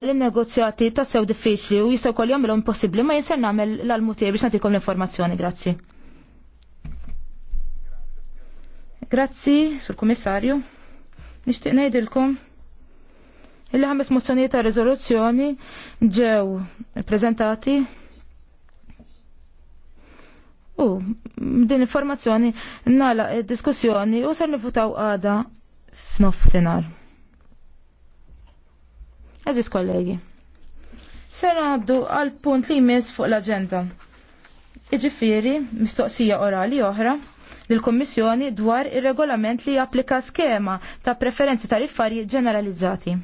l-negozjati ta' sew diffiċli u jistaw kol jomilom possibli ma jinser namel l-almutija biex natikom l-informazzjoni, grazzi. Grazzi, sur komissarju. Nishtiq nejdilkom illi ħames mozzjonijiet ta' rezoluzzjoni ġew prezentati u din informazzjoni nala diskussjoni u ser nifutaw għada f'nofsinhar. Eżis kollegi. Ser għaddu għal punt li jmiss fuq l-agenda. Iġifiri, mistoqsija orali oħra, l-Kommissjoni dwar ir-regolament li japplika skema ta' preferenzi tariffarji ġeneralizzati.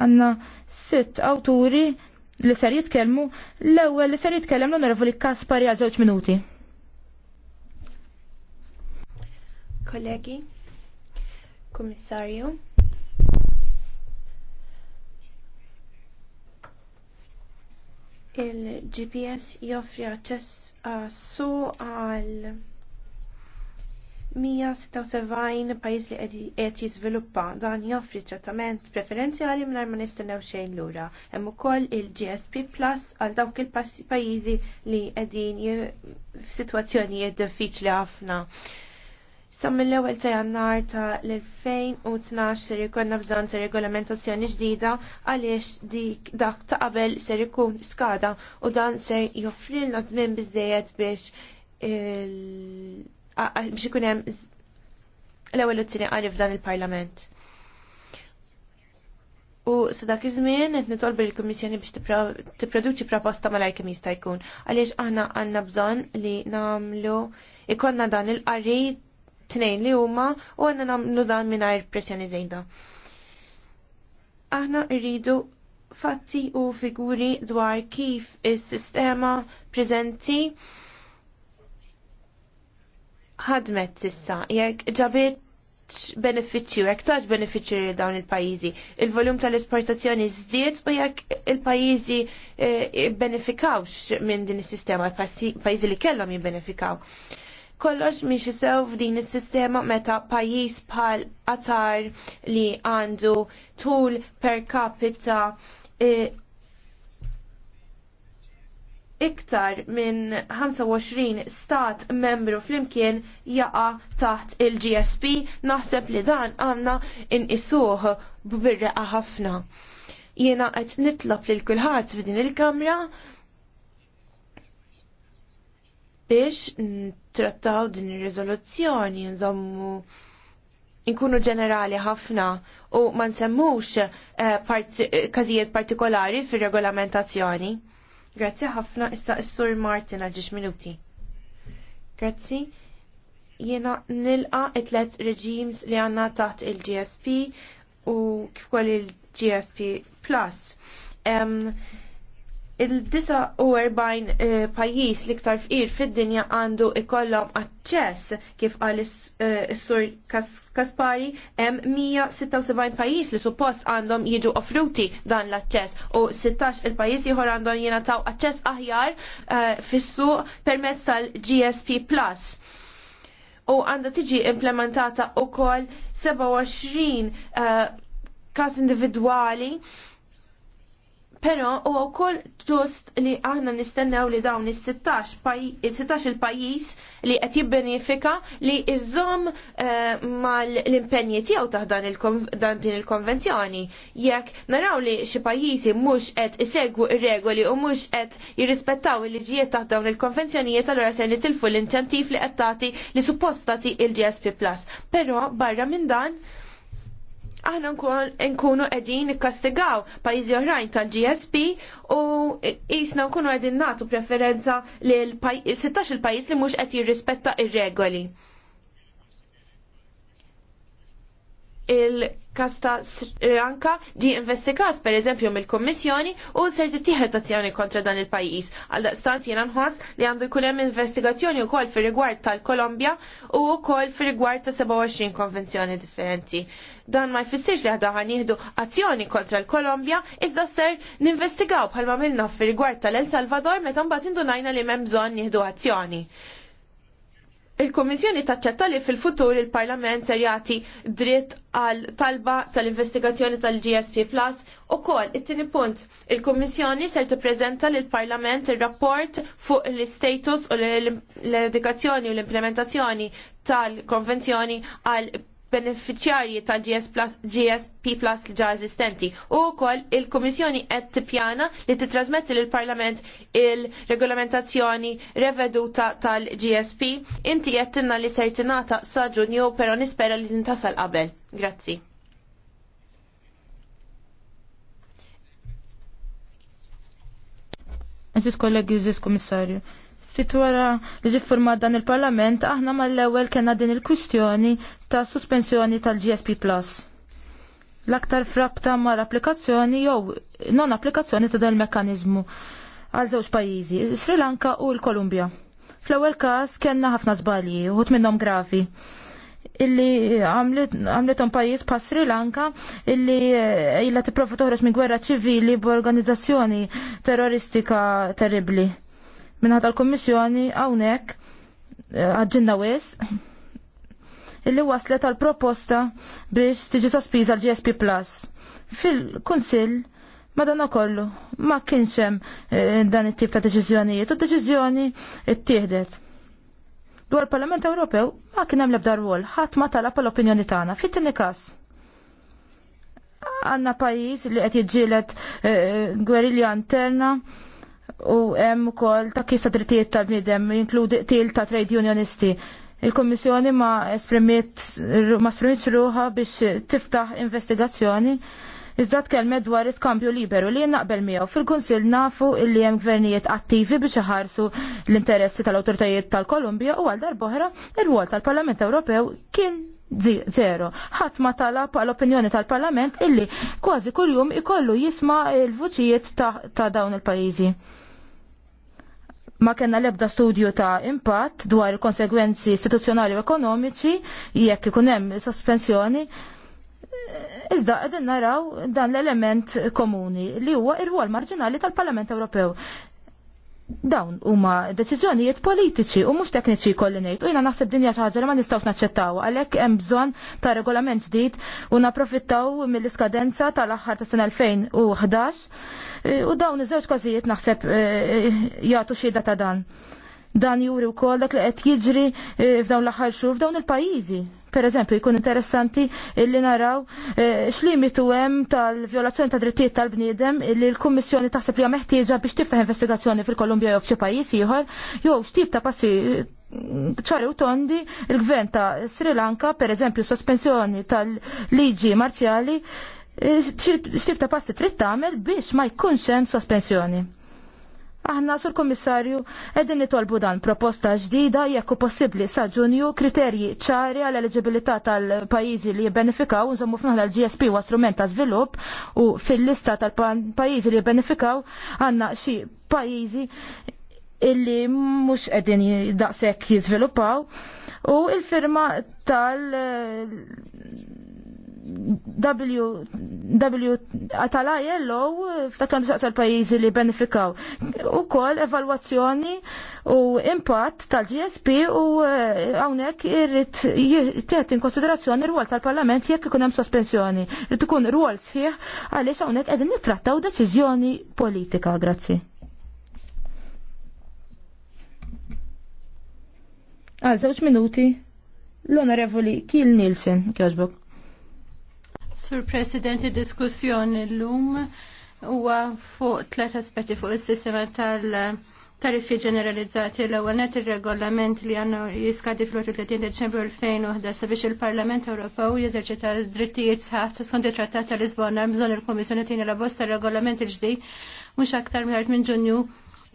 Għanna sitt awturi li ser jitkellmu, l-ewwel li ser jitkellem l-Onorevoli Kaspar għal żewġ minuti. Kollegi, Kummissarju, il-GPS joffri aċċess għas-su għal 176 pajjiż li qed jiżviluppa dan joffri trattament preferenzjali mingħajr ma nistennew xejn lura. Hemm ukoll il-GSP Plus għal dawk il-pajjiżi li qegħdin f'sitwazzjonijiet diffiċli ħafna. Sa mill-ewwel ta' jannar ta' l-2012 jkollna bżonn ta' regolamentazzjoni ġdida għaliex dik dak ta' qabel ser ikun skada u dan ser joffrilna żmien biżdejjed biex biex ikun hemm l-ewwel u qari f'dan il-Parlament. U sa dak iż-żmien qed nitolbu l-Kummissjoni biex tipproduċi proposta malajr kemm jista' jkun. Għaliex aħna għandna bżonn li nagħmlu ikollna dan il-qari tnejn li huma u għanna namlu dan mingħajr pressjoni żejda. Aħna rridu fatti u figuri dwar kif is-sistema preżenti ħadmet sissa jekk ġabit benefiċċju, jekk taġ benefiċċju li dawn il-pajizi. Il-volum tal-esportazzjoni zdiet, u jekk il-pajizi eh, benefikawx minn din is-sistema, il-pajizi li kellhom jibbenefikaw. benefikaw kollox miex isew f'din is-sistema meta pajjiż bħal qatar li għandu tul per capita e, iktar minn 25 stat membru flimkien jaqa taħt il-GSP naħseb li dan għanna isuħ b'birreqa ħafna. Jiena qed nitlob lil kulħadd f'din il-kamra biex trattaw din ir-riżoluzzjoni nżommu nkunu ġenerali ħafna u ma nsemmux eh, każijiet partikolari fir-regolamentazzjoni. Grazzi ħafna issa s-sur Martin għal minuti. Grazzi. Jiena nilqa it let reġims li għanna taħt il-GSP u kif il-GSP Plus. Um, il-49 eh, pajjiż l-iktar fqir fid-dinja għandu ikollhom aċċess kif għall eh, is-sur Kaspari hemm 176 pajjiż li suppost għandhom jiġu offruti dan l-aċċess u 16 il-pajjiż ieħor għandhom jingħataw aċċess aħjar eh, fis-suq permezz tal-GSP Plus u għandha tiġi implementata wkoll 27 uh, każ individwali Pero u wkoll ġust li aħna nistennew li dawn is-16 16 il pajjiż li qed jibbenefika li iżomm eh, mal-impenji tiegħu taħt dan din il-konvenzjoni. Jekk naraw li xi pajjiżi mhux qed isegwu ir-regoli u mhux qed jirrispettaw il-liġijiet taħ dawn il-konvenzjonijiet allura se nitilfu l-inċentiv li qed tagħti li suppostati il-GSP Plus. Però barra minn dan aħna nkunu qegħdin nikkastigaw pajjiżi oħrajn tal-GSP u jisna nkunu qegħdin nagħtu preferenza lil 16 il-pajjiż li mhux qed jirrispetta ir-regoli. Il-kasta Ranka di investigat per eżempju mill-Kommissjoni u ser tittieħed azzjoni kontra dan il-pajjiż. Għal daqstant jiena nħoss li għandu jkun hemm investigazzjoni wkoll fir-rigward tal-Kolombja u wkoll fir-rigward ta' 27 konvenzjoni differenti. Dan ma jfissirx li ħan jihdu azzjoni kontra l-Kolombja, iżda ser ninvestigaw bħalma minna fir-rigward tal-El Salvador meta mbagħad indunajna li m'hemm bżonn nieħdu azzjoni. Il-Kommissjoni taċċetta li fil-futur il-Parlament ser jagħti dritt għal talba tal-investigazzjoni tal-GSP Plus u kol it-tieni punt. Il-Kommissjoni ser tippreżenta lil parlament ir-rapport fuq l-status u l-edukazzjoni u l-implementazzjoni tal-konvenzjoni għal beneficiarji ta' gsp Plus, GSP Plus li ġa eżistenti. U wkoll il-Kummissjoni qed tippjana li titrasmetti lill parlament il-regolamentazzjoni reveduta tal-GSP. Inti qed tinna li ser tingħata sa Ġunju, però nispera li tintasal qabel. Grazzi. Aziz kollegi, aziz komissarju, Situara wara li ġifurma dan il-Parlament, aħna mal-ewwel kena din il-kwistjoni ta' suspensjoni tal-GSP Plus. L-aktar frabta ma' l-applikazzjoni jew non applikazzjoni ta' dan il-mekkaniżmu għal żewġ pajjiżi, Sri Lanka u l-Kolumbja. Fl-ewwel każ kellna ħafna żbalji, uħud minnhom gravi illi għamletom pajis pa' Sri Lanka illi eh, illa t-profa toħroġ minn gwerra ċivili b'organizzazzjoni terroristika terribli minna tal-Kommissjoni hawnhekk eh, għadġinna wis illi waslet għal proposta biex tiġi sospiża l-GSP Plus. Fil-Kunsill madonna kollu ma kienx hemm eh, dan it-tip ta' deċiżjonijiet u deċiżjoni ttieħdet. Dwar il-Parlament Ewropew ma kien hemm l-ebda rwol ħadd ma talab l-opinjoni tagħna fit-tieni każ. Għandna pajjiż li qed jiġġieled eh, gwerilja interna u hemm ukoll ta' kista drittijiet tal-bniedem, jinkludi qtil ta' trade unionisti. Il-Kommissjoni ma esprimiet ma esprimiet ruħa biex tiftaħ investigazzjoni iżda tkellmet dwar iskambju liberu li naqbel miegħu fil-Kunsill nafu li hemm gvernijiet attivi biex iħarsu l-interessi tal-awtoritajiet tal-Kolumbja u għal darb'oħra ir-rwol tal-Parlament Ewropew kien zero. Ħadd ma talab għal opinjoni tal-Parlament illi kważi kuljum ikollu jisma' l-vuċijiet ta', ta dawn il-pajjiżi ma kena lebda studju ta' impatt dwar il-konsegwenzi istituzzjonali u ekonomiċi jekk ikun hemm sospensjoni. Iżda qegħdin naraw dan l-element komuni li huwa ir-rwol marġinali tal-Parlament Ewropew dawn huma deċiżjonijiet politiċi u mhux tekniċi jkolli ngħid. U jiena naħseb dinja xi ħaġa li ma nistgħux naċċettaw għalhekk hemm bżonn ta' regolament ġdid u napprofittaw mill-iskadenza tal-aħħar tas sena 2011 e, u dawn iż-żewġ każijiet naħseb e, e, jagħtu xhieda ta' dan. Dan juri wkoll dak li qed jiġri eh, f'dawn l-aħħar xhur f'dawn il-pajjiżi. Per eżempju, jkun interessanti illi naraw eh, x'limitu hemm tal-vjolazzjoni ta' drittijiet tal-bniedem illi l-Kummissjoni taħseb li meħtieġa biex tiftaħ investigazzjoni fil-Kolumbja jew f'xi pajjiż ieħor, jew x'tip ta' passi mm, ċari u tondi il-gvern ta' Sri Lanka, per eżempju, sospensjoni tal-liġi marzjali, eh, xtib ta' passi trid tagħmel biex ma jkunx hemm sospensjoni. Aħna sur komissarju edin nitolbu dan proposta ġdida jekku possibli sa ġunju kriterji ċari għal eligibilità tal-pajizi li jibbenefikaw nżommu f'naħna l-GSP u strument ta' svilupp u fil-lista tal-pajizi li jibbenefikaw għanna xi pajizi illi mhux qegħdin daqshekk jizvilupaw u il-firma tal W, w Atala jellow f'dak għandu saqsar pajjiżi li benefikaw. U kol evalwazzjoni u impatt tal-GSP u eh, hawnhekk irrit tieħed in konsiderazzjoni r-rwol tal-Parlament jekk ikun hemm sospensjoni. Irid ikun rwol sħiħ għaliex hawnhekk qegħdin nittrattaw deċiżjoni politika. Grazzi. Għal żewġ minuti l-Onorevoli Kiel Nielsen, kjaġbok. Sur President, diskussjoni l-lum huwa fuq tlet aspetti fuq is-sistema tal- tariffi ġeneralizzati l ewwel nett ir-regolament li għandu jiskadi fl-30 Deċembru 2011 sabiex il-Parlament Ewropew jeżerċita drittijiet sħaħ skont it-Trattat ta' Lisbona bżonn il-Kummissjoni tieni la bosta regolament il-ġdid mhux aktar mingħajr minn Ġunju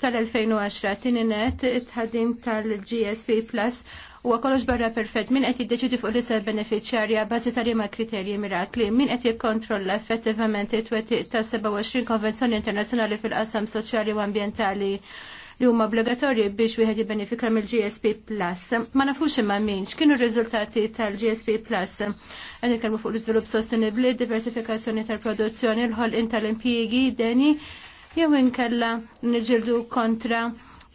tal-2010 tieni net it-ħadim tal-GSP Plus huwa kollox barra perfett min qed jiddeċidi fuq l-isel beneficjarja bażi ta' liema kriterji mirakli, min qed jikkontrolla effettivament it-twettiq ta' 27 konvenzjoni internazzjonali fil-qasam soċjali u ambjentali li huma obbligatorji biex wieħed jibbenefika mill-GSP Plus. Ma nafux imma min, x'kienu r-riżultati tal-GSP Plus? Qed nitkellmu fuq l-iżvilupp sostenibbli, diversifikazzjoni tal-produzzjoni, l-ħolqien tal-impjiegi, deni, jew inkella niġirdu kontra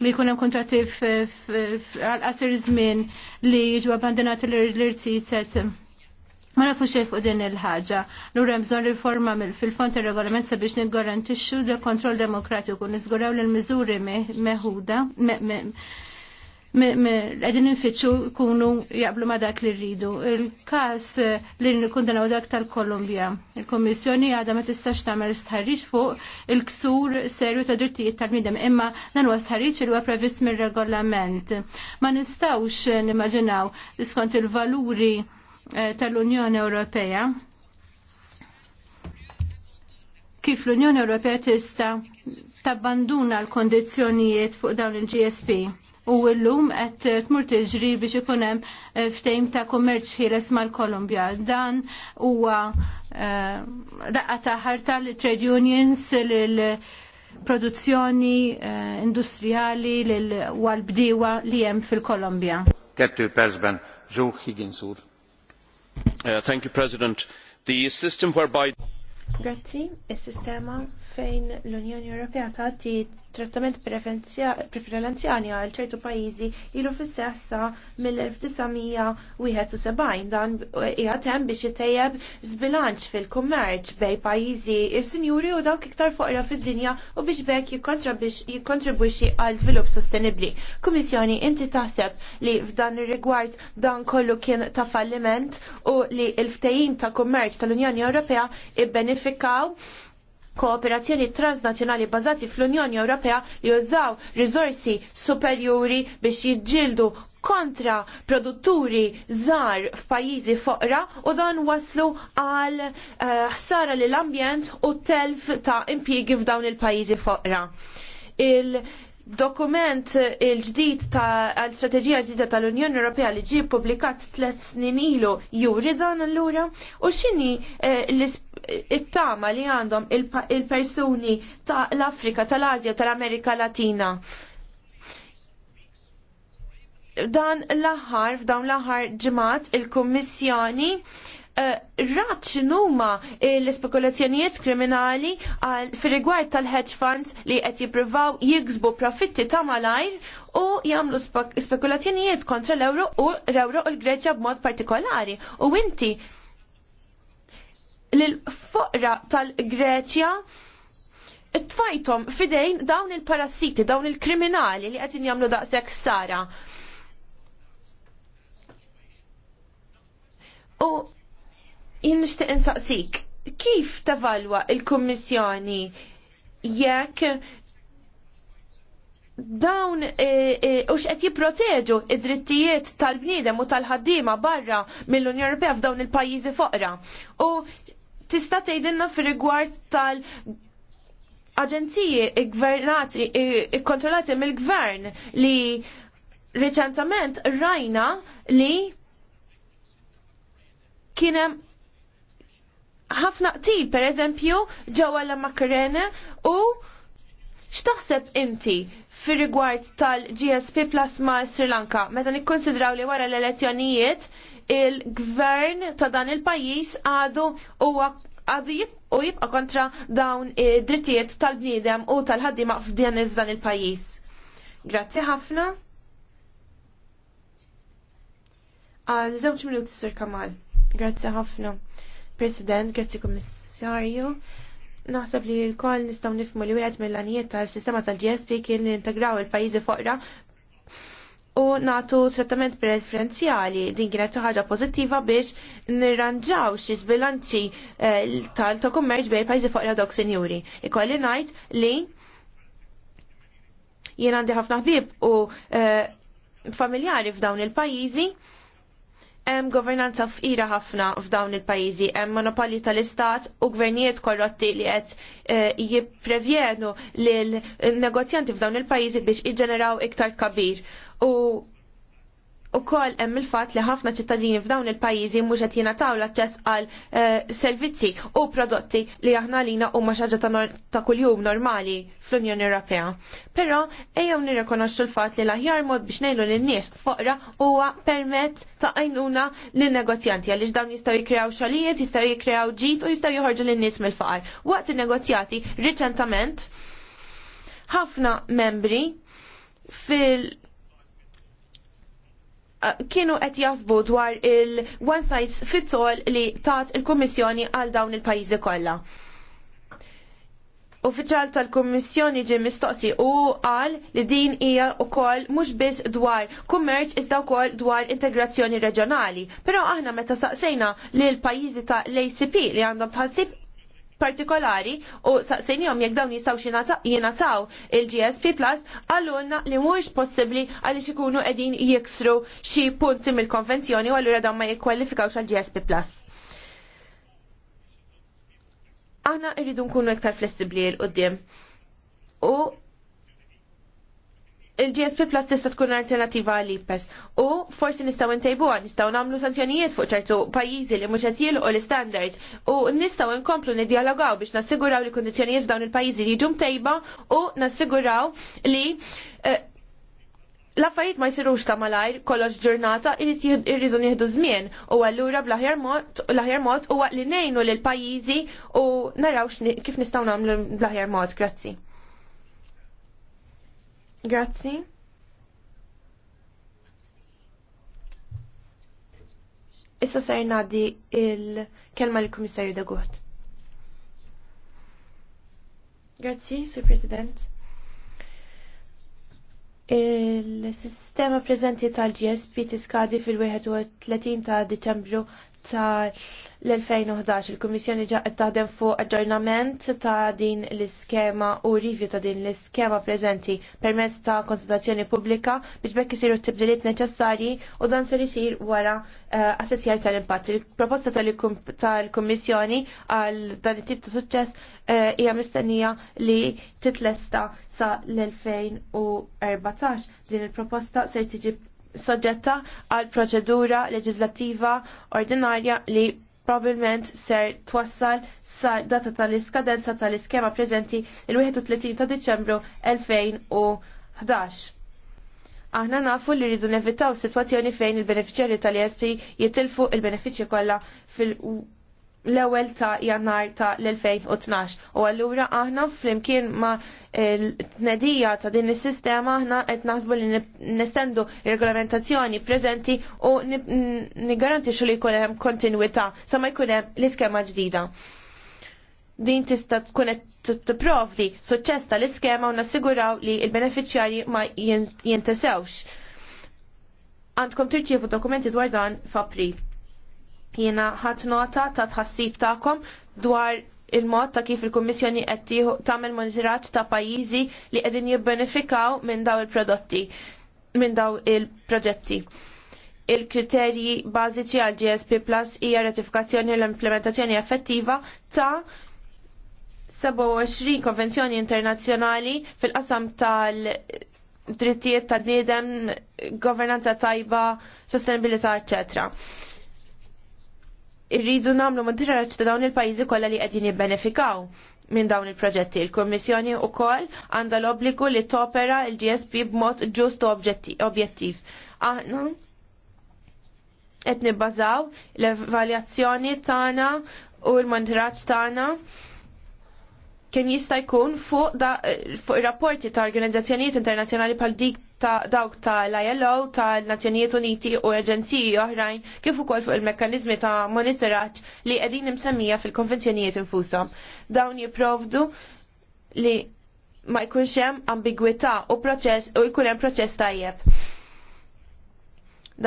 li jkun hemm kuntratti għal-qasir żmien li jiġu abbandonati l irtizet Ma nafux xejn fuq din il-ħaġa. Lura hemm bżonn riforma fil-fond ir-regolament sabiex niggarantixxu l kontroll demokratiku niżguraw l miżuri meħuda għedin nfittxu kunu jaqblu ma dak li rridu. Il-kas eh, li nikundanaw dak tal-Kolumbja. il komissjoni għadha ma tistax tagħmel stħarriġ fuq il-ksur serju ta' drittijiet tal-bniedem imma dan huwa stħarriġ li huwa previst mir-regolament. Ma nistgħux eh, nimmaġinaw skont il-valuri eh, tal-Unjoni Ewropea kif l-Unjoni Ewropea tista' tabbanduna l-kondizzjonijiet fuq dawn il-GSP u l llum qed tmur tiġri biex ikunem hemm eh, ftejm ta' kummerċ ħieles mal-Kolumbja. Dan u raqqa eh, ta' ħarta l trade unions l produzzjoni eh, industrijali lil bdiewa li jem fil-Kolumbja. Kettu persben, Joe Higginsur. Uh, thank you, President. The system whereby... Grazie, il-sistema fejn l-Unjoni Ewropea tagħti trattament preferenzjali għal ċertu pajjiżi ilu fis-sessa mill-1971 dan qiegħed hemm biex itejjeb żbilanċ fil-kummerċ bejn pajjiżi sinjuri u dawk iktar foqra fid-dinja u biex bekk jikkontribwixxi għal żvilupp sostenibbli. Kummissjoni inti taħseb li f'dan ir-rigward dan kollu kien ta' falliment u li l-ftehim ta' kummerċ tal-Unjoni Ewropea jibbenefikaw kooperazzjoni transnazzjonali bażati fl-Unjoni Ewropea li jużaw risorsi superjuri biex jiġġieldu kontra produtturi żgħar f'pajjiżi foqra u dan waslu għal eh, ħsara uh, lill ambjent u telf ta' impjiegi f'dawn il-pajjiżi foqra. Il dokument il-ġdid tal strateġija ġdida tal-Unjoni Ewropea li ġie publikat tliet snin ilu juri dan allura u x'inhi eh, it-tama li għandhom il-persuni tal-Afrika, tal-Azja, tal-Amerika Latina. Dan l-aħħar, f'dawn l-aħħar ġimgħat il-Kummissjoni Eh, rat x'inhuma l ispekulazzjonijiet kriminali fir-rigward tal-hedge funds li qed jippruvaw jiksbu profitti ta' malajr u jagħmlu spekulazzjonijiet kontra l-euro u l-euro u l-Greċja b'mod partikolari. U inti l-foqra tal-Greċja tfajtom fidejn dawn il-parassiti, dawn il-kriminali li qed jamlu daqshekk Sara. U jien nixtieq insaqsik, kif tavalwa il-Kummissjoni jekk dawn e, e, u xqed jipproteġu id-drittijiet tal-bniedem u tal-ħaddiema barra mill-Unjoni Ewropea f'dawn il-pajjiżi foqra. U tista' tgħidilna fir-rigward tal- aġenziji gvernati e, ikkontrollati mill-gvern li riċentament rajna li kienem ħafna qtil pereżempju ġewwa la makrene u x'taħseb inti fir rigward tal-GSP Plus ma' Sri Lanka meta nikkonsidraw li wara l-elezzjonijiet il-gvern ta' dan il-pajjiż għadu huwa għadu u jibqa kontra dawn id-drittijiet tal-bniedem u tal-ħaddima f'dan il-dan il-pajjiż. Grazzi ħafna. Għal żewġ minuti Sir Kamal. Grazzi ħafna. President, grazzi Komissarju. Naħseb li l-koll nistaw nifmu li wieħed mill-għanijiet tal-sistema tal-GSP kien li integraw il-pajjiżi foqra u natu trattament preferenzjali din kienet ħaġa pożittiva biex nirranġaw xi bilanċi eh, tal-kommerċ bejn pajjiżi foqra dok sinjuri. Ikolli ngħid li jien għandi ħafna ħbieb u eh, familjari f'dawn il-pajjiżi Hemm governanza fqira ħafna f'dawn il-pajjiżi, hemm monopolji tal-istat u gvernijiet korrotti li qed eh, jipprevjenu lil negozjanti f'dawn il-pajjiżi biex jiġġeneraw iktar kabir. U U kol hemm il-fatt li ħafna ċittadini f'dawn il-pajjiżi mhux qed jingħataw l-aċċess għal eh, servizzi u prodotti li aħna lina huma xi ħaġa ta' kuljum normali fl-Unjoni Ewropea. Però ejjew nirrikonoxxu l-fatt li l-aħjar mod biex ngħidu lin-nies foqra huwa permezz ta' għajnuna lin-negozjanti għaliex dawn jistgħu jikkrew xogħlijiet, jistgħu jikkrew ġid u jistgħu joħorġu lin-nies mill-faqar. Waqt in-negozjati riċentament ħafna membri fil- kienu qed jaħsbu dwar il-one size fits all li tat il-Kummissjoni għal dawn il-pajjiżi kollha. Uffiċjal tal-Kummissjoni ġie mistoqsi u qal li din hija wkoll mhux biss dwar kummerċ iżda wkoll dwar integrazzjoni reġjonali. Però aħna meta saqsejna lil pajjiżi ta' l-ACP li għandhom tħassib partikolari u saqsenjom jekk dawn jistaw jenataw il-GSP Plus għallunna li mux possibli għalli ikunu edin jiksru xi punti mill-konvenzjoni u għallura dawn ma jikkwalifikawx għal GSP Plus. Aħna irridu nkunu iktar flessibli l-qoddim u il-GSP Plus tista' tkun alternativa għal IPES u forsi nistgħu ntejbuha, nistgħu nagħmlu sanzjonijiet fuq ċertu pajjiżi li mhux qed jilqu l istandards u nistgħu nkomplu niddialogaw biex nassiguraw li kundizzjonijiet f'dawn il-pajjiżi li jiġu mtejba u nassiguraw li eh, l-affarijiet ma jsirux ta' malajr kollox ġurnata irridu nieħdu żmien u allura bl-aħjar mod u li ngħinu lil pajjiżi u naraw kif nistgħu nagħmlu bl-aħjar mod. Grazzi. Grazzi. Issa ser nadi il-kelma l-Kummissarju Dagot. Grazzi, Sur President. Il-sistema preżenti tal-GSP tiskadi fil-31 ta' Deċembru tal-2011 il-Kummissjoni ġaqet taħdem fuq aġġornament ta' din l-iskema u rivju ta' din l-iskema preżenti permezz ta' konsultazzjoni pubblika biex bekk isiru t-tibdiliet neċessarji u dan ser isir wara eh, assessjar tal-impatt. Il-proposta tal-Kummissjoni għal dan it-tip ta' suċċess eh, hija mistennija li titlesta sa l-2014. Din il-proposta ser tiġi soġġetta għal proċedura leġislattiva ordinarja li probabbilment ser twassal sa data tal-iskadenza tal-iskema preżenti il-31 ta' Diċembru 2011. Aħna nafu li rridu nevitaw situazzjoni fejn il-beneficjari tal-ESP jitilfu il beneficji kollha fil- l-ewwel ta' jannar ta' l-2012 u allura aħna flimkien ma' t tnedija ta' din is-sistema aħna qed naħsbu li nistendu regolamentazzjoni preżenti u xo li jkun hemm kontinwità sa ma jkun hemm l-iskema ġdida. Din tista' tkun qed tipprovdi suċċess tal-iskema u nassiguraw li l-benefiċjarji ma jintesewx. Għandkom tirċievu dokumenti dwar dan f'April. Jiena ħat nota ta' tħassib tagħkom dwar il-mod ta' kif il-Kummissjoni qed tagħmel monitorat ta' pajjiżi li qegħdin jibbenefikaw minn daw il-prodotti minn daw il-proġetti. Il-kriterji bażiċi għal GSP Plus hija ratifikazzjoni u l-implementazzjoni effettiva ta' 27 konvenzjoni internazzjonali fil-qasam tal- drittijiet tal-bniedem, governanza tajba, sostenibilità, eccetera irridu namlu moderazzjoni ta' dawn il-pajjiżi kollha li qegħdin jibbenefikaw minn dawn il-proġetti. Il-Kommissjoni u kol għanda l-obbligu li topera il-GSP b'mod ġust u objettiv. Aħna qed nibbażaw l-evaljazzjoni tagħna u l-monitoraġġ tagħna kemm jista' jkun fuq, fuq ir-rapporti ta' organizzazzjonijiet internazzjonali pal dik ta' dawk tal-ILO, tal-Nazzjonijiet Uniti u aġenziji oħrajn kif ukoll fuq il-mekkaniżmi ta' monitoraġġ li qegħdin imsemmija fil-konvenzjonijiet infushom. Dawn jipprovdu li ma jkunx hemm ambigwità u proċess u jkun hemm proċess tajjeb.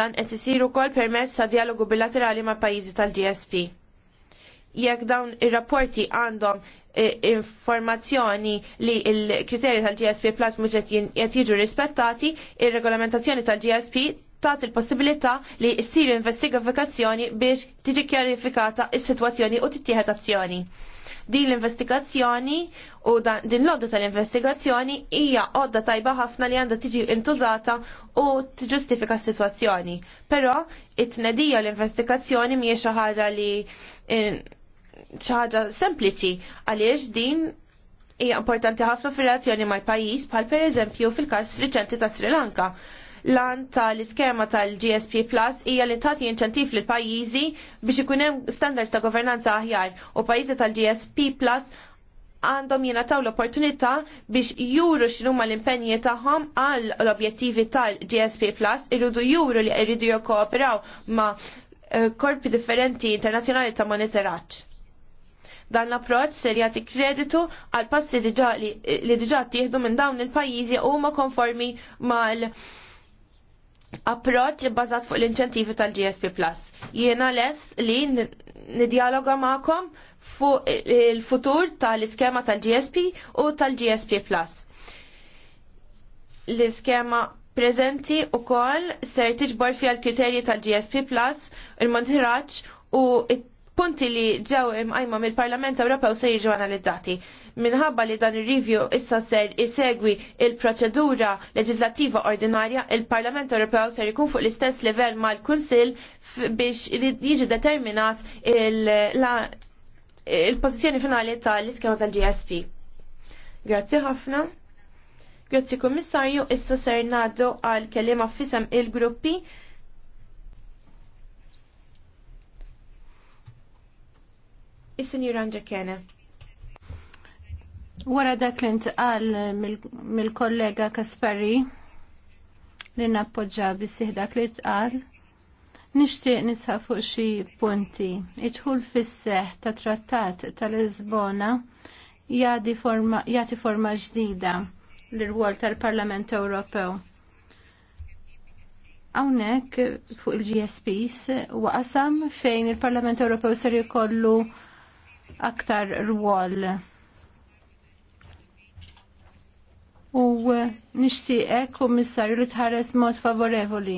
Dan qed isir ukoll permezz ta' dialogu bilaterali ma' pajjiżi tal-GSP. Jekk dawn ir-rapporti għandhom informazzjoni li il-kriterji tal-GSP Plus mhux qed jiġu rispettati, ir-regolamentazzjoni tal-GSP tat il-possibilità li ssir investigazzjoni biex tiġi kjarifikata il sitwazzjoni u tittieħed azzjoni. Din l-investigazzjoni u din l-odda tal-investigazzjoni hija odda tajba ħafna li għandha tiġi intużata u tiġustifika s-sitwazzjoni. Però it-tnedija l-investigazzjoni mhijiex ħaġa li ċaħġa sempliċi għaliex din hija importanti ħafna fir-relazzjoni mal-pajjiż bħal pereżempju fil-każ riċenti ta' Sri Lanka. Lan tal-iskema tal-GSP Plus hija li tagħti inċentiv lil pajjiżi biex ikun hemm standards ta' governanza aħjar u pajjiżi tal-GSP Plus għandhom jingħataw l-opportunità biex juru x'numa l-impenji tagħhom għal l-objettivi tal-GSP Plus, irridu juru li jridu jokkooperaw ma' eh, korpi differenti internazzjonali ta' monitoraġġ Dan l-approċ ser jagħti kreditu għal passi li diġà tieħdu minn dawn il-pajjiżi huma konformi mal approċ bbażat fuq l-inċentivi tal-GSP Plus. Jiena lest li nidjaloga magħkom fuq il-futur tal-iskema tal-GSP u tal-GSP Plus. L-iskema preżenti u kol ser tiġbor fija l-kriterji tal-GSP Plus, il-montiraċ u it punti li ġew imqajma mill-Parlament Ewropew se jiġu analizzati. Minħabba li dan ir-review issa ser isegwi il-proċedura leġislattiva ordinarja, il-Parlament Ewropew ser jkun fuq l-istess livell mal-Kunsill biex jiġi determinat il-pożizzjoni finali tal-iskema tal-GSP. Grazzi ħafna. Grazzi Kummissarju, issa ser ngħaddu għal kelliema fisem il-gruppi Is-Sinjur Andra Kene. Wara dak li ntqal mill-kollega Kaspari li nappoġġa bissih dak li tqal, nixtieq nisħa fuq xi punti. Idħul fis-seħ ta' trattat tal-Lisbona jagħti forma, ġdida l-rwol tal-Parlament Ewropew Hawnhekk fuq il-GSPs waqasam fejn il-Parlament Ewropew ser jkollu aktar rwol. U eh, nixtieqek kummissarju li tħares mod favorevoli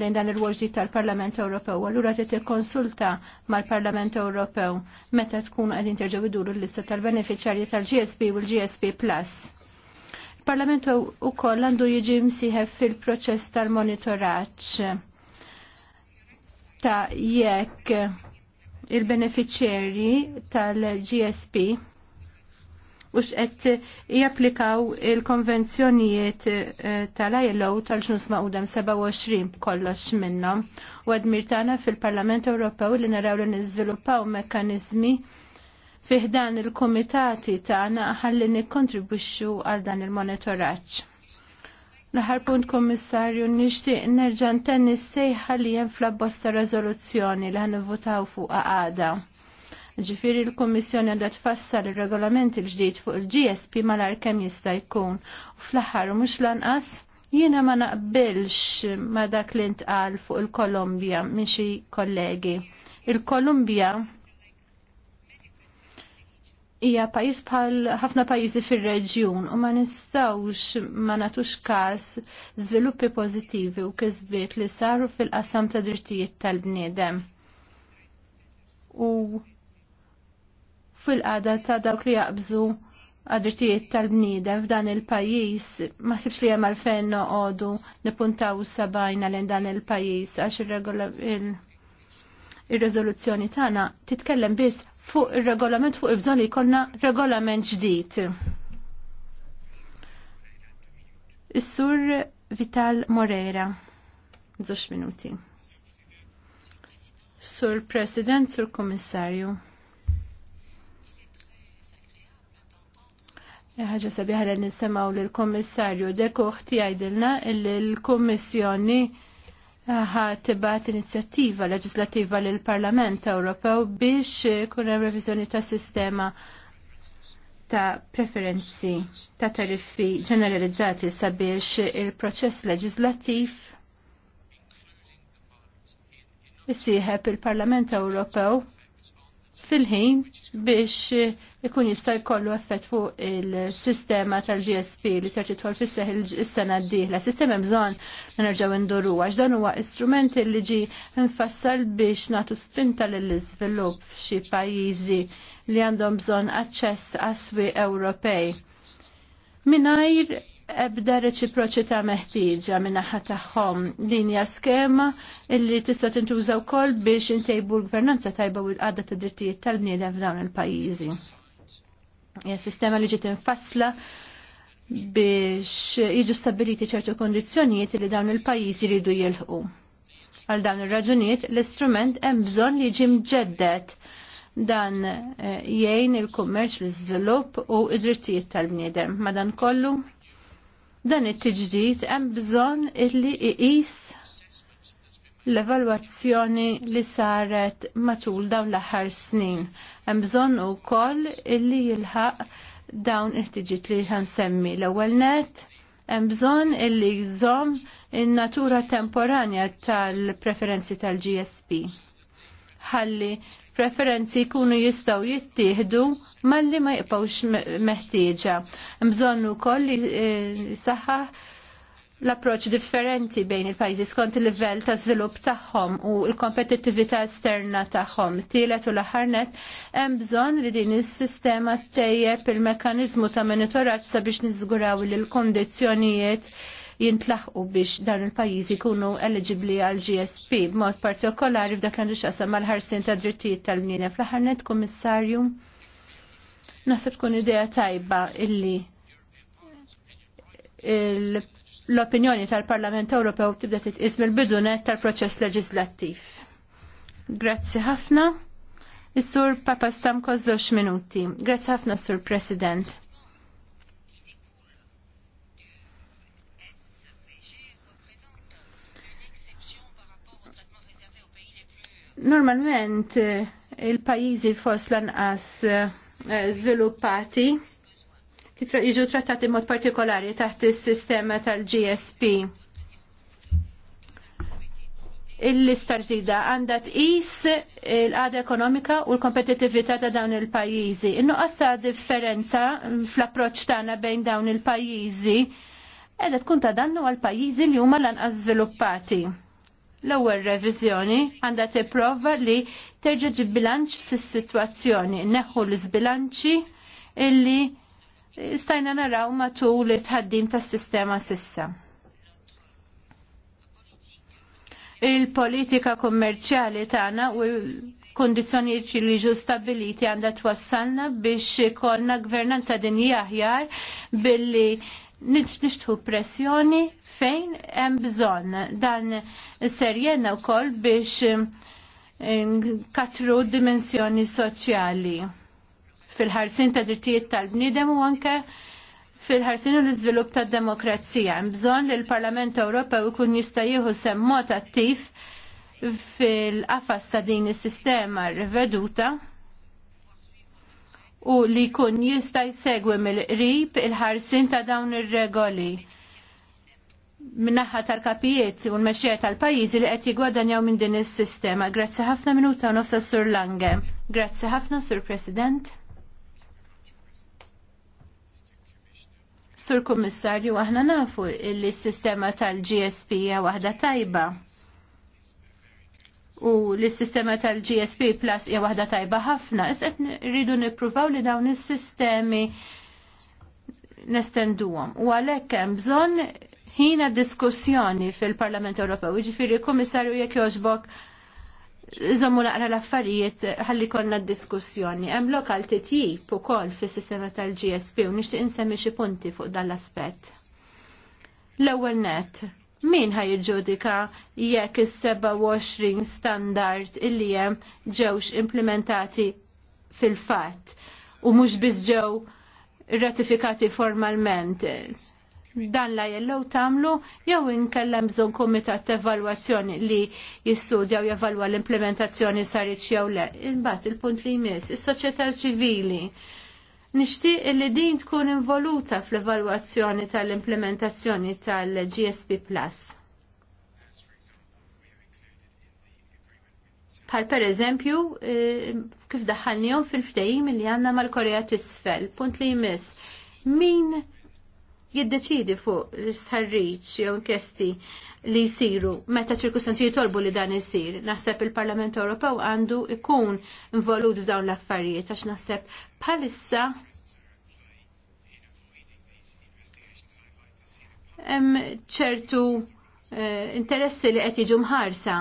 lejn dan ir-rwol ġdid tal-Parlament Ewropew. Allura trid tikkonsulta mal-Parlament Ewropew meta tkun qed terġgħu iduru l-lista tal-beneficjarji tal-GSP u l-GSP Plus. Il-Parlament ukoll għandu jiġi msieħeb fil-proċess tal-monitoraġġ ta' jekk il-beneficjeri tal-GSP u xqed japplikaw il-konvenzjonijiet eh, tal-ILO tal-ġnus maqudem 27 kollox minnhom u għadmir tagħna fil-Parlament Ewropew li naraw li niżviluppaw mekkaniżmi fiħdan il-komitati tagħna ħalli nikkontribwixxu għal dan il-monitoraġġ. Naħar punt kommissarju nixtieq nerġa' ntenni sejħa li hemm flabbosta rezoluzzjoni riżoluzzjoni li votaw fuq għada. Ġifieri l-Kummissjoni għandha tfassal ir-regolament il-ġdid fuq il-GSP malar kemm jista' jkun. U fl-aħħar mhux lanqas jiena ma naqbilx ma dak li ntqal fuq il-Kolombja minn xi kollegi. Il-Kolumbja hija pajjiż bħal ħafna pajjiżi fir-reġjun u ma nistgħux ma nagħtux każ żviluppi pożittivi u kisbiet li saru fil-qasam ta' drittijiet tal-bniedem. U fil-qada ta' dawk li jaqbżu għadrittijiet tal-bniedem f'dan il-pajis, ma sibx li hemm għalfejn noqogħdu nipuntaw sabajna lejn dan il-pajis għax il-regola il-, -regola, il ir-rezoluzzjoni tagħna titkellem biss fuq ir-regolament fuq il-bżonn li jkollna regolament ġdid. Is-sur Vital Moreira. Żewġ minuti. Sur President, Sur Kommissarju. ħaġa sabiħa li nistemaw l-Kommissarju dekuħ ti għajdilna l-Kommissjoni tibat inizjattiva leġislativa l parlament Ewropew biex kun hemm reviżjoni ta' sistema ta' preferenzi ta' tariffi ġeneralizzati sabiex il-proċess leġislattiv isieħeb il-Parlament Ewropew fil-ħin biex ikun jista' jkollu effett fuq il-sistema tal-GSP li ser titħol fis-seħ is-sena d-dieħla. Sistema bżonn nerġgħu nduru għax dan huwa istrument li ġi infassal biex nagħtu spinta lill-iżvilupp f'xi pajjiżi li għandhom bżonn aċċess għas-swi Ewropej. Minajr ebda reċiproċità meħtieġa minn naħa tagħhom linja skema illi tista' tintuża wkoll biex intejbu l-gvernanza tajba u l-qadda ta' drittijiet tal-bniedem f'dawn il-pajjiżi. Hija sistema li ġiet infassla biex jiġu stabiliti ċertu kondizzjonijiet li dawn il-pajjiżi jridu jilħqu. Għal dawn ir-raġunijiet l-istrument hemm bżonn li jiġi mġeddet dan eh, jgħin il-kummerċ, l-iżvilupp u id-drittijiet tal-bniedem. Madan kollu Dan it-tiġdid hemm bżonn illi iqis l-evalwazzjoni li saret matul dawn l-aħħar snin. Hemm bżonn ukoll illi jilħaq dawn it-tiġdid li ħansemmi l-ewwel net hemm bżonn illi jżomm in-natura temporanja tal-preferenzi tal-GSP. Ħalli preferenzi jkunu jistaw jittieħdu malli ma jibqawx meħtieġa. Mżonnu koll li e, saħħa l-approċ differenti bejn il-pajzi skont il-livell ta' żvilupp tagħhom u l-kompetittività esterna tagħhom. Tielet u l-aħarnet hemm bżonn li din is-sistema tejjeb il-mekkaniżmu ta' monitoraġġ sabiex niżguraw li l-kondizzjonijiet jintlaħqu biex dan il-pajjiżi jkunu eligibli għal GSP b'mod partikolari f'dak għandu x'qasam mal-ħarsien ta' drittijiet tal-bniedem fl-aħħar net kummissarju. Naħseb tkun idea tajba illi l-opinjoni tal-Parlament Ewropew tibda titqis mill-bidunet tal-proċess leġislattiv. Grazzi ħafna. Is-Sur Papa Stamkos żewġ minuti. Grazzi ħafna, Sur President. Normalment eh, il-pajjiżi fost lanqas żviluppati eh, jiġu trattati mod partikolari taħt is-sistema tal-GSP. Il-lista ġdida għandha tqis l-għada ekonomika u l-kompetittività ta' dawn il-pajjiżi. Innuqqas ta' differenza fl-approċċ tagħna bejn dawn il-pajjiżi qiegħda tkun ta' dannu għal pajjiżi li huma lanqas żviluppati. L-ewwel reviżjoni għandha tipprova li terġa' bilanċ fis-sitwazzjoni, neħħu l-iżbilanċi illi stajna naraw matul it-tħaddim tas-sistema sissa. Il-politika kummerċjali tagħna u l-kundizzjonijiet li ġu stabiliti għandha twassalna biex ikollna gvernanza dinji aħjar billi nixtħu pressjoni fejn hemm bżonn. Dan serjenna wkoll biex eh, katru dimensjoni soċjali fil-ħarsin ta' drittijiet tal-bniedem u anke fil-ħarsin u l-iżvilupp tad demokrazija. Hemm bżonn li l-Parlament Ewropew ikun jista' jieħu semmot attiv fil-qafas ta' din is-sistema riveduta u li jkun jista' jsegwi mill-qrib il-ħarsin ta' dawn ir-regoli minnaħħa tal-kapijiet u l-mexxija tal-pajjiżi li qed jigwadanjaw minn din is-sistema. Grazzi ħafna minuta u nofsa Sur Lange. Grazzi ħafna Sur President. Sur Kummissarju, aħna nafu li s-sistema tal-GSP hija waħda tajba u l-sistema tal-GSP Plus hija waħda tajba ħafna, qed rridu nippruvaw li dawn is-sistemi nestenduhom. U għalhekk hemm bżonn ħina diskussjoni fil-Parlament Ewropew, l jiġifieri, kummissarju jekk jogħġbok Iżommu naqra l-affarijiet ħalli konna diskussjoni. Hemm lokal titjib ukoll fis-sistema tal-GSP u nixtieq insemmi xi punti fuq dan l-aspett. L-ewwel net, min ħajġudika jekk is-27 standard illi hemm ġewx implementati fil-fatt u mhux biss ġew ratifikati formalment. Dan la jellow tamlu jew inkellem bżonn kumitat ta' evalwazzjoni li jistudja u jevalwa l-implementazzjoni sarit jew le. Imbagħad il-punt li jmiss is-soċjetà ċivili Nixtieq li din tkun involuta fl-evalwazzjoni tal-implementazzjoni tal-GSP Plus. Bħal per eżempju, eh, kif daħħalnihom fil-ftehim li għandna mal-Korea tisfel, punt li jmiss, min jiddeċidi fuq l-istħarriċ jew inkjesti li jisiru meta ċirkustanzi jitolbu li dan isir. Naħseb il-Parlament Ewropew għandu ikun involut f'dawn l-affarijiet għax naħseb palissa hemm ċertu eh, interessi li qed jiġu mħarsa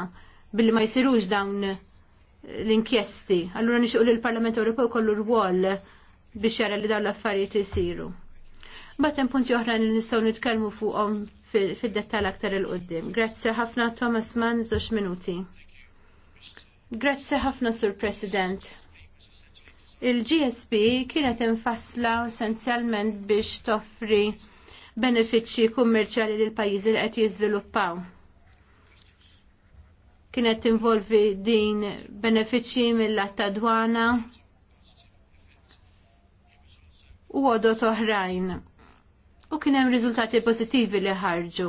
billi ma jsirux dawn l-inkjesti. Allura nixuq li l-Parlament Ewropew kollu rwol biex jara li dawn l-affarijiet isiru. Batem punti oħra li nistgħu nitkellmu fuqhom fid dettall aktar il-qoddim. Grazzi ħafna Thomas Mann, żewġ minuti. Grazzi ħafna Sur President. Il-GSP kienet infassla essenzjalment biex toffri benefiċċji kummerċjali lil pajjiżi li qed jiżviluppaw. Kienet involvi din benefiċċji mill-lat dwana u għodot oħrajn u kien hemm riżultati pożittivi li ħarġu.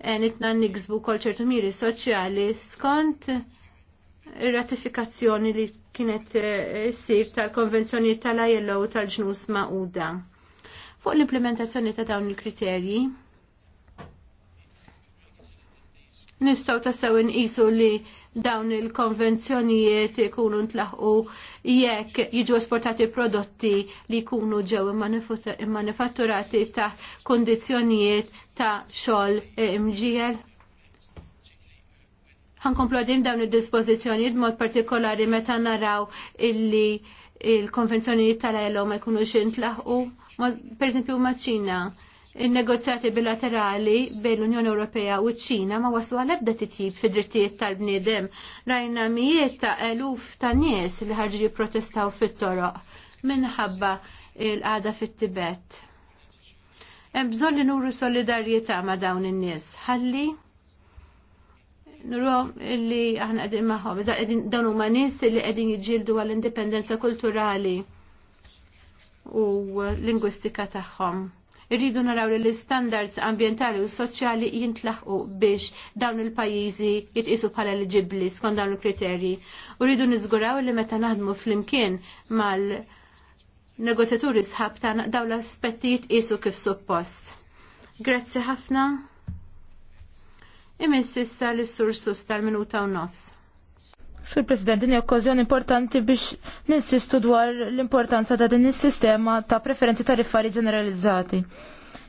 E, nitna niksbu kol ċertu miri soċjali skont ratifikazzjoni li kienet e, issir tal-konvenzjoni tal-ILO tal-ġnus ma'uda. Fuq l-implementazzjoni ta' dawn il-kriterji, nistaw tassew nqisu li dawn il-konvenzjonijiet ikunu ntlaħqu jekk jiġu esportati prodotti li jkunu ġew immanifatturati ta' kondizjonijiet ta' xogħol eh, imġiel. Ħankomplu għadim dawn id-dispożizzjonijiet mod partikolari meta naraw illi il-konvenzjonijiet tal-elo ma jkunux intlaħqu, per esempio ma' Ċina Il-negozjati bilaterali bejn l-Unjoni Ewropea u ċ-Ċina ma waslu għal-ebda titjib fi drittijiet tal-bniedem. Rajna mijiet ta' eluf ta' nies li ħarġu jipprotestaw fit-toroq minħabba il-qada fit-Tibet. Hemm bżonn li nuru solidarjetà ma' dawn in-nies. Ħalli nuru li aħna qegħdin magħhom, dawn huma nies li qegħdin jiġġieldu għall-indipendenza kulturali u lingwistika tagħhom. Irridu naraw li l-standards ambientali u soċjali jintlaħqu biex dawn il-pajjiżi jitqisu bħala eligibbli skont dawn il-kriterji. U rridu niżguraw li meta naħdmu flimkien mal negozjaturi sħab ta' dawn l-aspetti jitqisu kif suppost. Grazzi ħafna. Imis issa l-sur sus tal-minuta u nofs. Sur President, din okkażjoni importanti biex ninsistu dwar l-importanza ta' din is-sistema ta' preferenzi tariffari ġeneralizzati.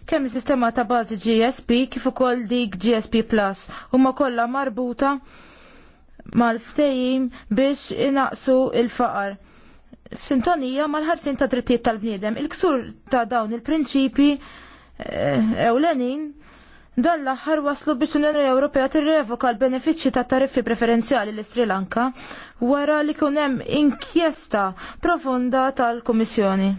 Kemm is-sistema ta' bażi GSP kif ukoll dik GSP Plus huma kollha marbuta mal-ftehim biex inaqsu il-faqar. F'sintonija mal-ħarsin ta' drittijiet tal-bniedem, il-ksur ta' dawn il-prinċipi eh, ewlenin eh, Dan l-aħħar waslu biex l-Unjoni Ewropea tirrevoka l-benefiċċji ta' tariffi preferenzjali l sri Lanka wara li kun hemm inkjesta profonda tal-Kummissjoni.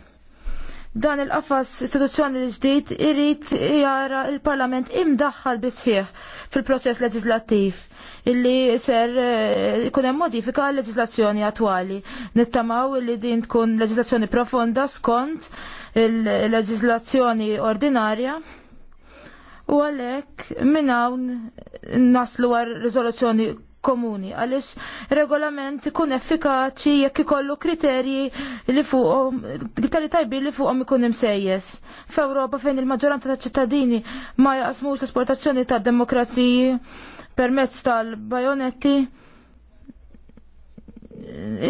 Dan il-qafas istituzzjoni l-ġdid irid jara il-Parlament imdaħħal bisħieħ fil-proċess leġislattiv illi ser eh, ikun hemm modifika l leġislazzjoni attwali. Nittamaw li din tkun leġislazzjoni profonda skont il-leġislazzjoni ordinarja u għalhekk minn naslu għal Rizoluzzjoni komuni għaliex regolament ikun effikaċi jekk ikollu kriterji li fuqhom kriterji tajbi li fuqhom ikun imsejjes. F'Ewropa fejn il-maġġoranza ta' ċittadini ma jaqsmux l-esportazzjoni ta' demokraziji permezz tal-bajonetti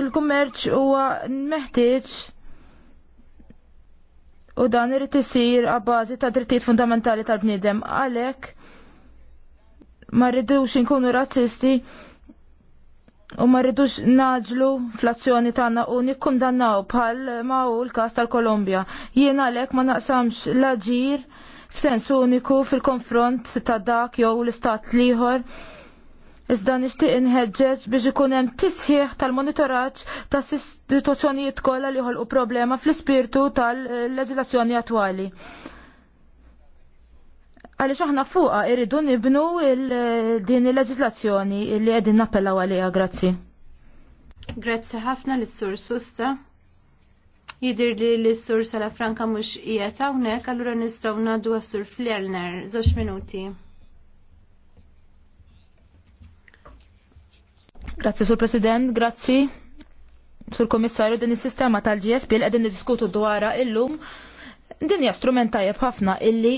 il-kummerċ huwa meħtieġ u dan irid isir għabbażi ta' drittijiet fundamentali tal-bniedem. Għalhekk ma rridux inkunu razzisti u ma rridux naġlu fl-azzjoni tagħna u nikkundannaw bħal ma hu l-każ tal-Kolombja. Jien għalhekk ma naqsamx l-aġir f'sens uniku fil-konfront ta' dak jew l-istat liħor Iżda nixtieq inħeġġeġ biex ikun hemm tisħiħ tal-monitoraġġ ta' sitwazzjonijiet kollha li jħolqu problema fl-ispirtu tal-leġilazzjoni attwali Għaliex aħna fuqa irridu nibnu din il-leġislazzjoni li qegħdin nappellaw għaliha. grazzi. Grazzi ħafna l-sur Susta. Jidir li l-sur Sala Franka mhux qiegħed hawnhekk, allura nistgħu naddu għas-sur Flerner, żewġ minuti. Grazzi, Sur President, grazzi. Sur Komissarju, din is-sistema tal-GSP li qegħdin niddiskutu dwarha illum din hija strument tajjeb ħafna illi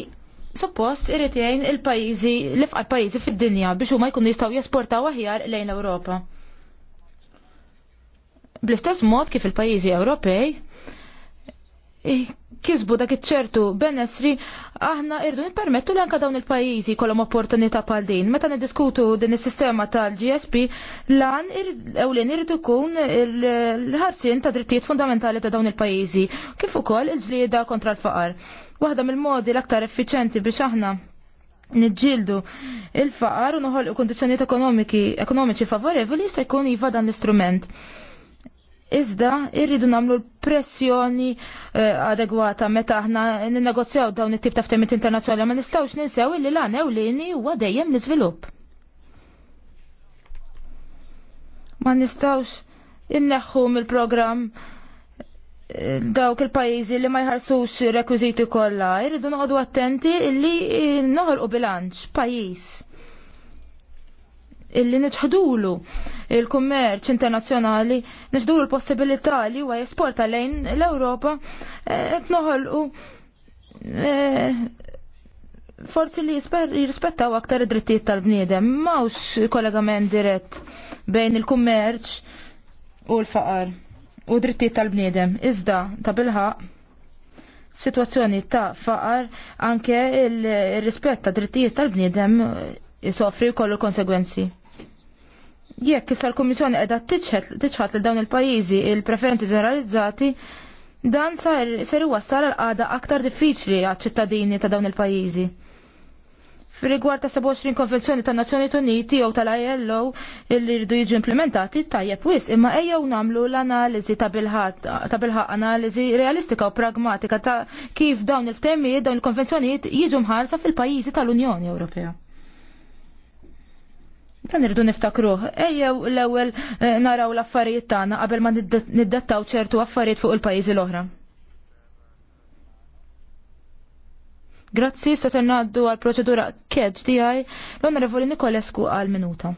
suppost irid jgħin il-pajjiżi li fqar pajjiżi fid-dinja biex huma jkunu jistgħu jesportaw aħjar lejn Ewropa. Bl-istess mod kif il-pajjiżi Ewropej kisbu dak iċ-ċertu benessri, aħna irdu nippermettu l anka dawn il-pajjiżi kolom opportunità bħal din. Meta niddiskutu din is-sistema tal-GSP, lan ewlen irdu kun l-ħarsin ta' drittijiet fundamentali ta' dawn il-pajjiżi, kif ukoll il-ġlieda kontra l-faqar. Waħda mill-modi l-aktar effiċenti biex aħna nġildu il-faqar u noħolqu kondizjoniet ekonomiċi favorevoli jista' jkun iva dan l-istrument. Iżda irridu nagħmlu l-pressjoni eh, adegwata meta aħna ninnegozjaw dawn it-tip ta' ftemit internazzjonali ma nistgħux ninsew illi lan ewlieni huwa dejjem l-iżvilupp. Ma nistgħux inneħħu mill-programm eh, dawk il-pajjiżi li ma jħarsux rekwiżiti kollha, irridu noqogħdu attenti illi noħolqu bilanċ pajjiż illi nitħdulu il-kummerċ internazzjonali, nitħdulu l-possibilità li huwa jesporta lejn l-Ewropa eh, qed noħolqu eh, forsi li jirrispettaw aktar id-drittijiet tal-bniedem. Mawx kollegament dirett bejn il-kummerċ u l-faqar u drittijiet tal-bniedem. Iżda ta' bilħaq f'sitwazzjoni ta' faqar anke il-rispett drittijiet tal-bniedem jisofri kollu konsegwenzi jekk issa l-Kummissjoni qiegħda tiċħat li dawn il-pajjiżi il-preferenzi ġeneralizzati, dan sar ser iwassal għal qada aktar diffiċli għaċ-ċittadini ta' dawn il-pajjiżi. Fir-rigward ta' 27 konvenzjoni ta' Nazzjoni Uniti jew tal-ILO li rridu jiġu implementati tajjeb wis imma ejjew nagħmlu l-analiżi ta' bilħaq analiżi realistika u pragmatika ta' kif dawn il-ftehmijiet dawn il-konvenzjonijiet jiġu mħarsa fil-pajjiżi tal-Unjoni Ewropea. Dan irridu niftakruh. Ejjew l-ewwel eh, naraw l-affarijiet tagħna qabel ma niddettaw ċertu affarijiet fuq il-pajjiżi l-oħra. Grazzi, se ngħaddu għall proċedura kedġ tiegħi l-Onorevoli Nikolesku għal minuta.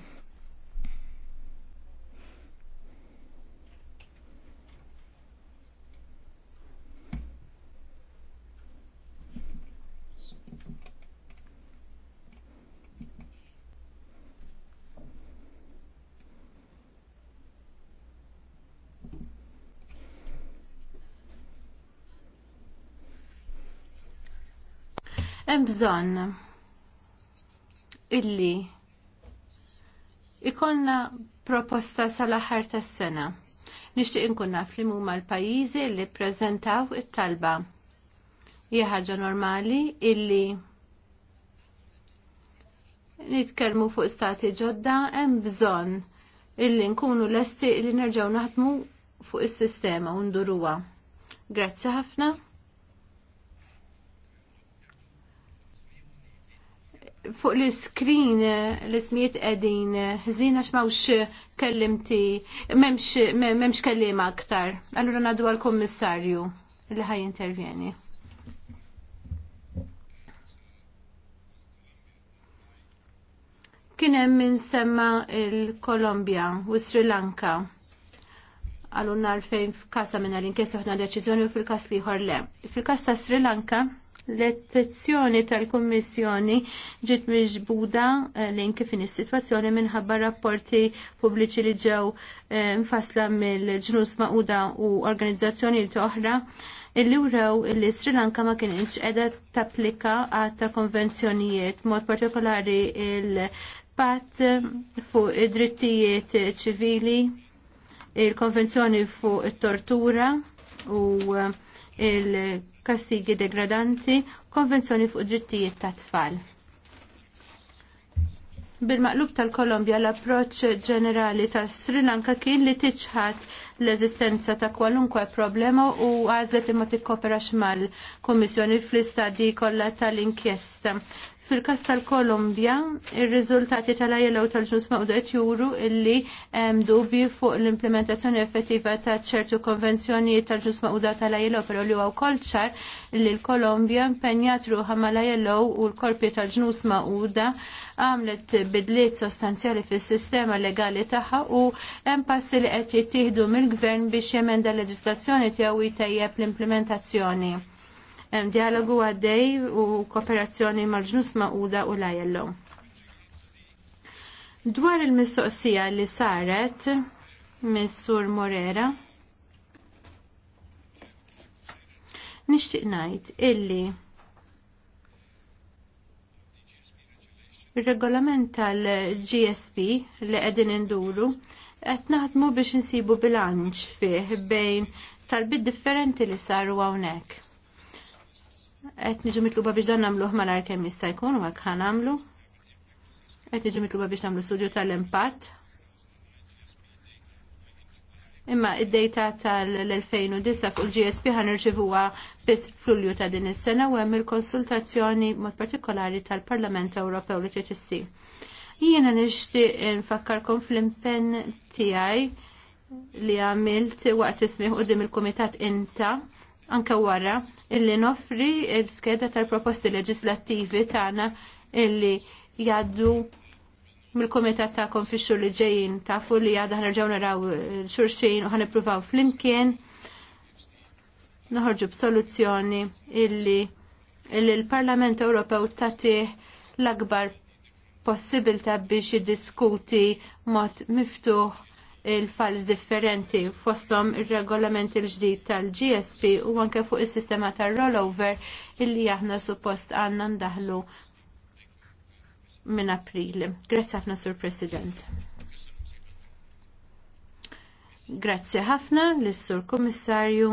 Hemm bżonn illi ikollna proposta sal-aħħar tas-sena. Nixtieq inkun naf li huma l-pajjiżi li ppreżentaw it-talba. Hija ħaġa normali illi nitkellmu fuq stati ġodda hemm bżonn illi nkunu lesti li nerġgħu naħdmu fuq is-sistema u nduruha. Grazzi ħafna. fuq l-screen l-ismijiet edin ħzina x'mawx kellimti, memx, memx kellima aktar. Allura nadu għal-kommissarju li ħaj intervjeni. Kienem minn semma il-Kolombja u Sri Lanka għalunna għal fejn f'kasa minna l-inkjesta ħna deċizjoni u fil-kas liħor le. Fil-kas ta' Sri Lanka l ettezzjoni tal-Kommissjoni ġiet miġbuda eh, lejn kif is-sitwazzjoni minħabba rapporti pubbliċi li ġew eh, mfasla mill-ġnus maquda u organizzazzjoni oħra illi wrew illi Sri Lanka ma kienx qiegħda tapplika għad ta' konvenzjonijiet, mod partikolari il-patt fuq id-drittijiet ċivili, il-konvenzjoni fuq it-tortura u eh, il-kastigi degradanti, konvenzjoni fuq drittijiet ta' tfal. Bil-maqlub tal-Kolombja l-approċ ġenerali ta' Sri Lanka kien li tiċħat l-eżistenza ta' kwalunkwe problema u għazlet li ma tikkoperax mal-Komissjoni fl-istadji kollha tal-inkjesta. Fil-kas tal-Kolumbja, il-riżultati tal-ajelaw tal-ġus maqdet juru illi hemm dubji fuq l-implementazzjoni effettiva ta' ċertu konvenzjoni tal-ġus maqda tal-ajelaw, pero li huwa kolċar ċar li l-Kolumbja mpenjat ruħa mal-ajelaw u l-korpi tal-ġnus maqda għamlet bidliet sostanzjali fis-sistema legali tagħha u hemm passi li qed jittieħdu mill-gvern biex jemenda l-leġislazzjoni tiegħu jtejjeb l-implementazzjoni. Hemm dialogu għaddej u kooperazzjoni mal-ġnus maquda u lajello. Dwar il-mistoqsija li saret mis-Sur Morera, nixtieq ngħid illi Il-regolament tal-GSP li qegħdin induru qed naħdmu biex insibu bilanċ fih bejn tal-bid differenti li saru hawnhekk qed niġu mitluba biex dan nagħmluh malar kemm jista' jkun u hekk ħanamlu. Qed niġu mitluba biex nagħmlu studju tal-impatt. Imma id-data tal-2009 fuq il-GSP ħan irċivuha biss f'Lulju ta' din is-sena u hemm il-konsultazzjoni mod partikolari tal-Parlament Ewropew li TTC. Jiena nixtieq nfakkarkom fl-impenn tiegħi li għamilt waqt ismiħ qudiem il-Kumitat Inta anke wara illi nofri l-skeda tal-proposti leġislattivi tagħna illi jaddu mill-komitat ta' konfixxu li ġejjin tafu li għadha ħnerġgħu naraw xurxin u ħanippruvaw flimkien noħorġu b'soluzzjoni illi l-Parlament Ewropew tagħtih l-akbar possibilta biex jiddiskuti mod miftuħ il-files differenti fosthom ir regolament il-ġdid tal-GSP u anke fuq is sistema tar-rollover illi aħna suppost għandna ndaħlu minn April. Grazzi ħafna, Sur President. Grazzi ħafna lis-Sur Kummissarju.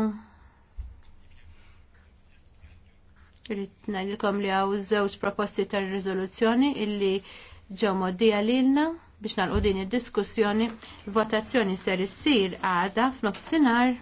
Irrit ngħidilkom li hawn żewġ proposti tar-riżoluzzjoni illi ġew l lilna biex nalqu din id-diskussjoni, votazzjoni ser issir għada f'nofsinhar.